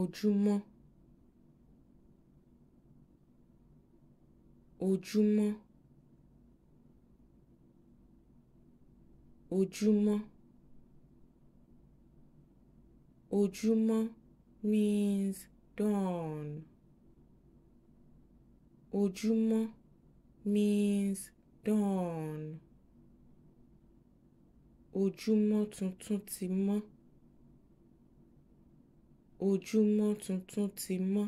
ojúmọ́ ojúmọ́ ojúmọ́ ojúmọ́ means dawn ojúmọ́ means dawn ojúmọ́ tuntun ti mọ́ ojúmọ́ tuntun ti mọ́